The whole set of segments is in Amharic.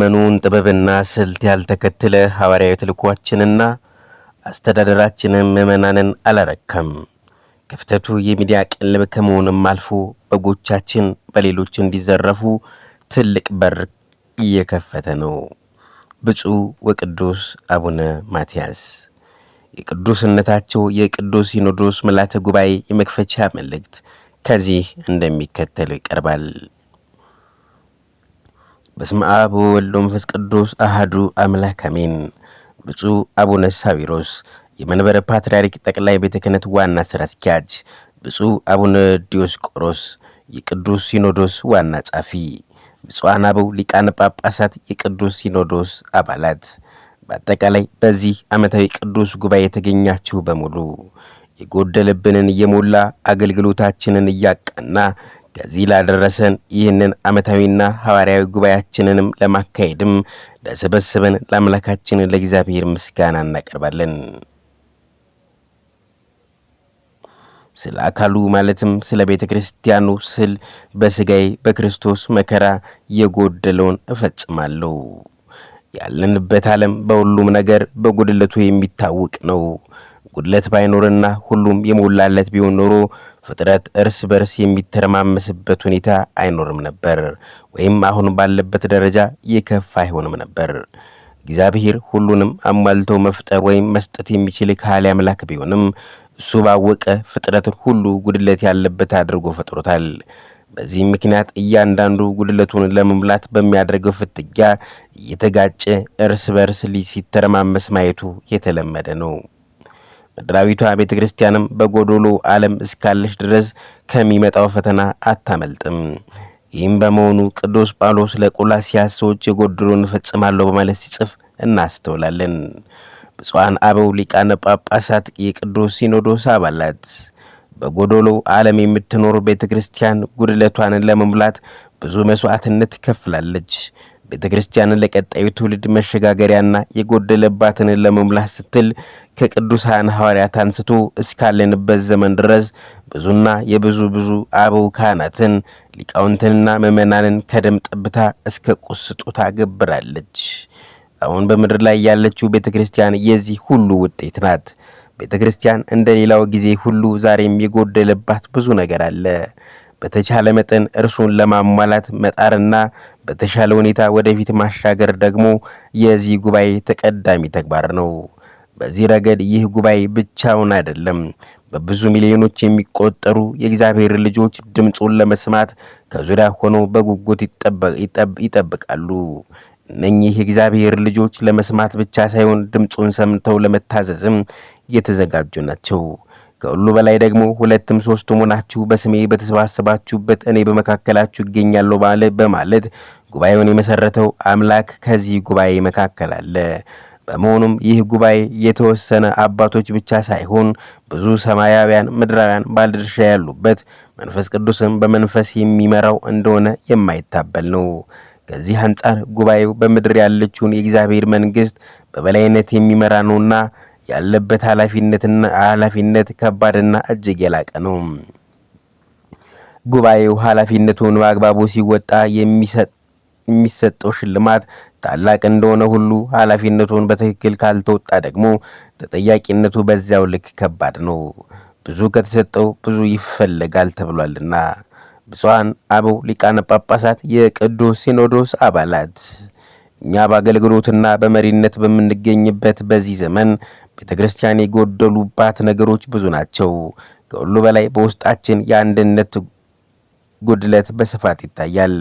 መኑን ጥበብና ስልት ያልተከተለ ሐዋርያዊ ተልዕኳችንና አስተዳደራችንን ምዕመናንን አላረከም። ክፍተቱ የሚዲያ ቅልብ ከመሆንም አልፎ በጎቻችን በሌሎች እንዲዘረፉ ትልቅ በር እየከፈተ ነው። ብፁዕ ወቅዱስ አቡነ ማትያስ የቅዱስነታቸው የቅዱስ ሲኖዶስ ምልዓተ ጉባኤ የመክፈቻ መልእክት ከዚህ እንደሚከተለው ይቀርባል። በስም አብ ወወልድ ወመንፈስ ቅዱስ አህዱ አምላክ አሜን። ብፁዕ አቡነ ሳዊሮስ የመንበረ ፓትርያርክ ጠቅላይ ቤተ ክህነት ዋና ስራ አስኪያጅ፣ ብፁዕ አቡነ ዲዮስቆሮስ የቅዱስ ሲኖዶስ ዋና ጻፊ፣ ብፁዓን አበው ሊቃነ ጳጳሳት የቅዱስ ሲኖዶስ አባላት፣ በአጠቃላይ በዚህ ዓመታዊ ቅዱስ ጉባኤ የተገኛችሁ በሙሉ የጎደለብንን እየሞላ አገልግሎታችንን እያቀና ከዚህ ላደረሰን ይህንን ዓመታዊና ሐዋርያዊ ጉባኤያችንንም ለማካሄድም ለሰበሰበን ለአምላካችን ለእግዚአብሔር ምስጋና እናቀርባለን። ስለ አካሉ ማለትም ስለ ቤተ ክርስቲያኑ ስል በስጋይ በክርስቶስ መከራ የጎደለውን እፈጽማለሁ። ያለንበት ዓለም በሁሉም ነገር በጉድለቱ የሚታወቅ ነው። ጉድለት ባይኖርና ሁሉም የሞላለት ቢሆን ኖሮ ፍጥረት እርስ በርስ የሚተረማመስበት ሁኔታ አይኖርም ነበር፣ ወይም አሁን ባለበት ደረጃ የከፋ አይሆንም ነበር። እግዚአብሔር ሁሉንም አሟልቶ መፍጠር ወይም መስጠት የሚችል ከሃሊ አምላክ ቢሆንም እሱ ባወቀ ፍጥረትን ሁሉ ጉድለት ያለበት አድርጎ ፈጥሮታል። በዚህም ምክንያት እያንዳንዱ ጉድለቱን ለመሙላት በሚያደርገው ፍትጊያ እየተጋጨ እርስ በርስ ሲተረማመስ ማየቱ የተለመደ ነው። ምድራዊቷ ቤተ ክርስቲያንም በጎዶሎ ዓለም እስካለች ድረስ ከሚመጣው ፈተና አታመልጥም። ይህም በመሆኑ ቅዱስ ጳውሎስ ለቆላስይስ ሰዎች የጎደሎን እፈጽማለሁ በማለት ሲጽፍ እናስተውላለን። ብፁዓን አበው ሊቃነ ጳጳሳት የቅዱስ ሲኖዶስ አባላት በጎዶሎ ዓለም የምትኖር ቤተ ክርስቲያን ጉድለቷን ለመሙላት ብዙ መስዋዕትነት ትከፍላለች። ቤተ ክርስቲያንን ለቀጣዩ ትውልድ መሸጋገሪያና የጎደለባትን ለመሙላት ስትል ከቅዱሳን ሐዋርያት አንስቶ እስካለንበት ዘመን ድረስ ብዙና የብዙ ብዙ አበው ካህናትን ሊቃውንትንና ምዕመናንን ከደም ጠብታ እስከ ቁስጡታ ስጦታ ገብራለች። አሁን በምድር ላይ ያለችው ቤተ ክርስቲያን የዚህ ሁሉ ውጤት ናት። ቤተ ክርስቲያን እንደ ሌላው ጊዜ ሁሉ ዛሬም የጎደለባት ብዙ ነገር አለ። በተቻለ መጠን እርሱን ለማሟላት መጣርና በተሻለ ሁኔታ ወደፊት ማሻገር ደግሞ የዚህ ጉባኤ ተቀዳሚ ተግባር ነው። በዚህ ረገድ ይህ ጉባኤ ብቻውን አይደለም። በብዙ ሚሊዮኖች የሚቆጠሩ የእግዚአብሔር ልጆች ድምፁን ለመስማት ከዙሪያ ሆነው በጉጉት ይጠብቃሉ። እነኚህ የእግዚአብሔር ልጆች ለመስማት ብቻ ሳይሆን ድምፁን ሰምተው ለመታዘዝም የተዘጋጁ ናቸው። ከሁሉ በላይ ደግሞ ሁለትም ሶስትም ሆናችሁ በስሜ በተሰባሰባችሁበት እኔ በመካከላችሁ እገኛለሁ ባለ በማለት ጉባኤውን የመሰረተው አምላክ ከዚህ ጉባኤ መካከል አለ። በመሆኑም ይህ ጉባኤ የተወሰነ አባቶች ብቻ ሳይሆን ብዙ ሰማያውያን፣ ምድራውያን ባለድርሻ ያሉበት መንፈስ ቅዱስም በመንፈስ የሚመራው እንደሆነ የማይታበል ነው። ከዚህ አንጻር ጉባኤው በምድር ያለችውን የእግዚአብሔር መንግስት በበላይነት የሚመራ ነውና ያለበት ኃላፊነትና ኃላፊነት ከባድና እጅግ የላቀ ነው። ጉባኤው ኃላፊነቱን በአግባቡ ሲወጣ የሚሰጠው ሽልማት ታላቅ እንደሆነ ሁሉ ኃላፊነቱን በትክክል ካልተወጣ ደግሞ ተጠያቂነቱ በዚያው ልክ ከባድ ነው። ብዙ ከተሰጠው ብዙ ይፈለጋል ተብሏልና። ብፁዓን አበው ሊቃነ ጳጳሳት፣ የቅዱስ ሲኖዶስ አባላት፣ እኛ በአገልግሎትና በመሪነት በምንገኝበት በዚህ ዘመን ቤተ ክርስቲያን የጎደሉባት ነገሮች ብዙ ናቸው። ከሁሉ በላይ በውስጣችን የአንድነት ጉድለት በስፋት ይታያል።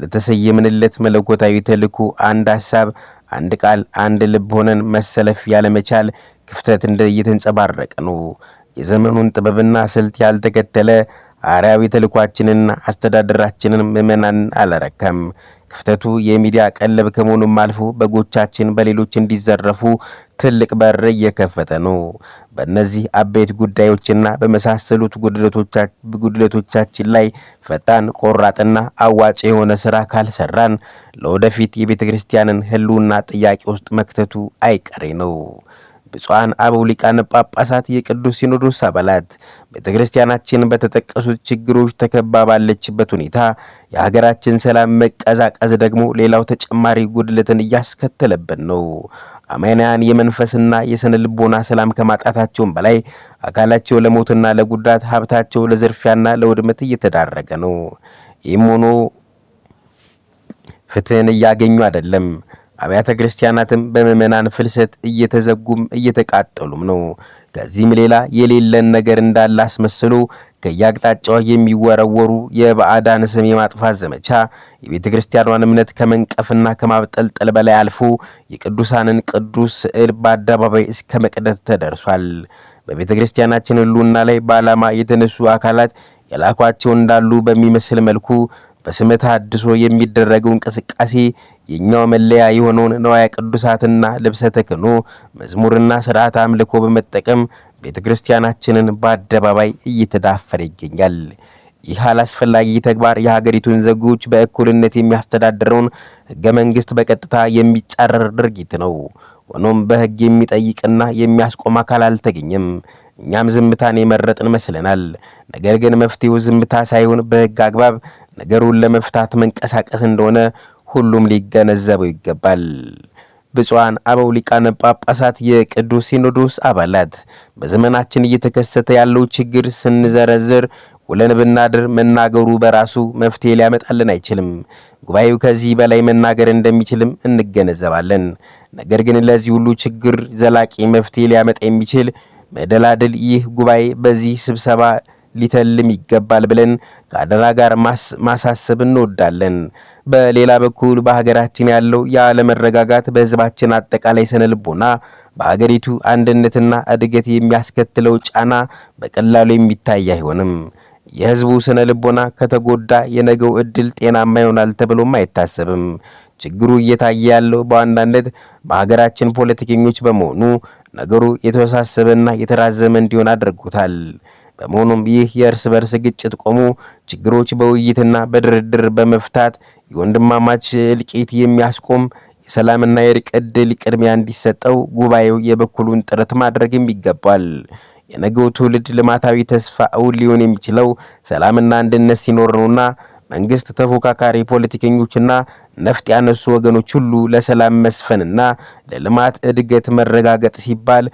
ለተሰየምንለት መለኮታዊ ተልእኮ አንድ ሀሳብ፣ አንድ ቃል፣ አንድ ልብ ሆነን መሰለፍ ያለመቻል ክፍተት እንደ እየተንጸባረቀ ነው። የዘመኑን ጥበብና ስልት ያልተከተለ አርያዊ ተልኳችንን አስተዳደራችንን ምዕመናን አላረከም። ክፍተቱ የሚዲያ ቀለብ ከመሆኑም አልፎ በጎቻችን በሌሎች እንዲዘረፉ ትልቅ በር እየከፈተ ነው። በእነዚህ አበይት ጉዳዮችና በመሳሰሉት ጉድለቶቻችን ላይ ፈጣን ቆራጥና አዋጭ የሆነ ስራ ካልሰራን ለወደፊት የቤተ ክርስቲያንን ሕልውና ጥያቄ ውስጥ መክተቱ አይቀሬ ነው። ብፁዓን አበው ሊቃነ ጳጳሳት፣ የቅዱስ ሲኖዶስ አባላት ቤተ ክርስቲያናችን በተጠቀሱት ችግሮች ተከባ ባለችበት ሁኔታ የሀገራችን ሰላም መቀዛቀዝ ደግሞ ሌላው ተጨማሪ ጉድለትን እያስከተለብን ነው። አማንያን የመንፈስና የስነ ልቦና ሰላም ከማጣታቸውም በላይ አካላቸው ለሞትና ለጉዳት ሀብታቸው ለዝርፊያና ለውድመት እየተዳረገ ነው። ይህም ሆኖ ፍትህን እያገኙ አይደለም። አብያተ ክርስቲያናትም በምዕመናን ፍልሰት እየተዘጉም እየተቃጠሉም ነው። ከዚህም ሌላ የሌለን ነገር እንዳለ አስመስሎ ከየአቅጣጫው የሚወረወሩ የባዕዳን ስም የማጥፋት ዘመቻ የቤተ ክርስቲያኗን እምነት ከመንቀፍና ከማብጠልጠል በላይ አልፎ የቅዱሳንን ቅዱስ ስዕል በአደባባይ እስከ መቅደት ተደርሷል። በቤተ ክርስቲያናችን ሕልውና ላይ በዓላማ የተነሱ አካላት የላኳቸው እንዳሉ በሚመስል መልኩ በስመ ተሐድሶ የሚደረገው እንቅስቃሴ የኛው መለያ የሆነውን ነዋያ ቅዱሳትና ልብሰ ተክህኖ መዝሙርና ስርዓት አምልኮ በመጠቀም ቤተ ክርስቲያናችንን በአደባባይ እየተዳፈረ ይገኛል። ይህ አላስፈላጊ ተግባር የሀገሪቱን ዜጎች በእኩልነት የሚያስተዳድረውን ህገ መንግስት በቀጥታ የሚጻረር ድርጊት ነው። ሆኖም በህግ የሚጠይቅና የሚያስቆም አካል አልተገኘም። እኛም ዝምታን የመረጥን መስለናል። ነገር ግን መፍትሄው ዝምታ ሳይሆን በሕግ አግባብ ነገሩን ለመፍታት መንቀሳቀስ እንደሆነ ሁሉም ሊገነዘበው ይገባል። ብፁዓን አበው ሊቃነ ጳጳሳት፣ የቅዱስ ሲኖዶስ አባላት፣ በዘመናችን እየተከሰተ ያለው ችግር ስንዘረዝር ውለን ብናድር መናገሩ በራሱ መፍትሄ ሊያመጣልን አይችልም። ጉባኤው ከዚህ በላይ መናገር እንደሚችልም እንገነዘባለን። ነገር ግን ለዚህ ሁሉ ችግር ዘላቂ መፍትሄ ሊያመጣ የሚችል መደላድል ይህ ጉባኤ በዚህ ስብሰባ ሊተልም ይገባል ብለን ከአደራ ጋር ማሳሰብ እንወዳለን። በሌላ በኩል በሀገራችን ያለው ያለመረጋጋት በህዝባችን አጠቃላይ ስነልቦና፣ በሀገሪቱ አንድነትና እድገት የሚያስከትለው ጫና በቀላሉ የሚታይ አይሆንም። የህዝቡ ስነ ልቦና ከተጎዳ የነገው እድል ጤናማ ይሆናል ተብሎም አይታሰብም። ችግሩ እየታየ ያለው በዋናነት በሀገራችን ፖለቲከኞች በመሆኑ ነገሩ የተወሳሰበና የተራዘመ እንዲሆን አድርጎታል። በመሆኑም ይህ የእርስ በርስ ግጭት ቆሞ ችግሮች በውይይትና በድርድር በመፍታት የወንድማማች እልቂት የሚያስቆም የሰላምና የእርቅ ዕድል ቅድሚያ እንዲሰጠው ጉባኤው የበኩሉን ጥረት ማድረግም ይገባል። የነገው ትውልድ ልማታዊ ተስፋ እውን ሊሆን የሚችለው ሰላምና አንድነት ሲኖር ነውና መንግስት ተፎካካሪ ፖለቲከኞችና ነፍጥ ያነሱ ወገኖች ሁሉ ለሰላም መስፈንና ለልማት እድገት መረጋገጥ ሲባል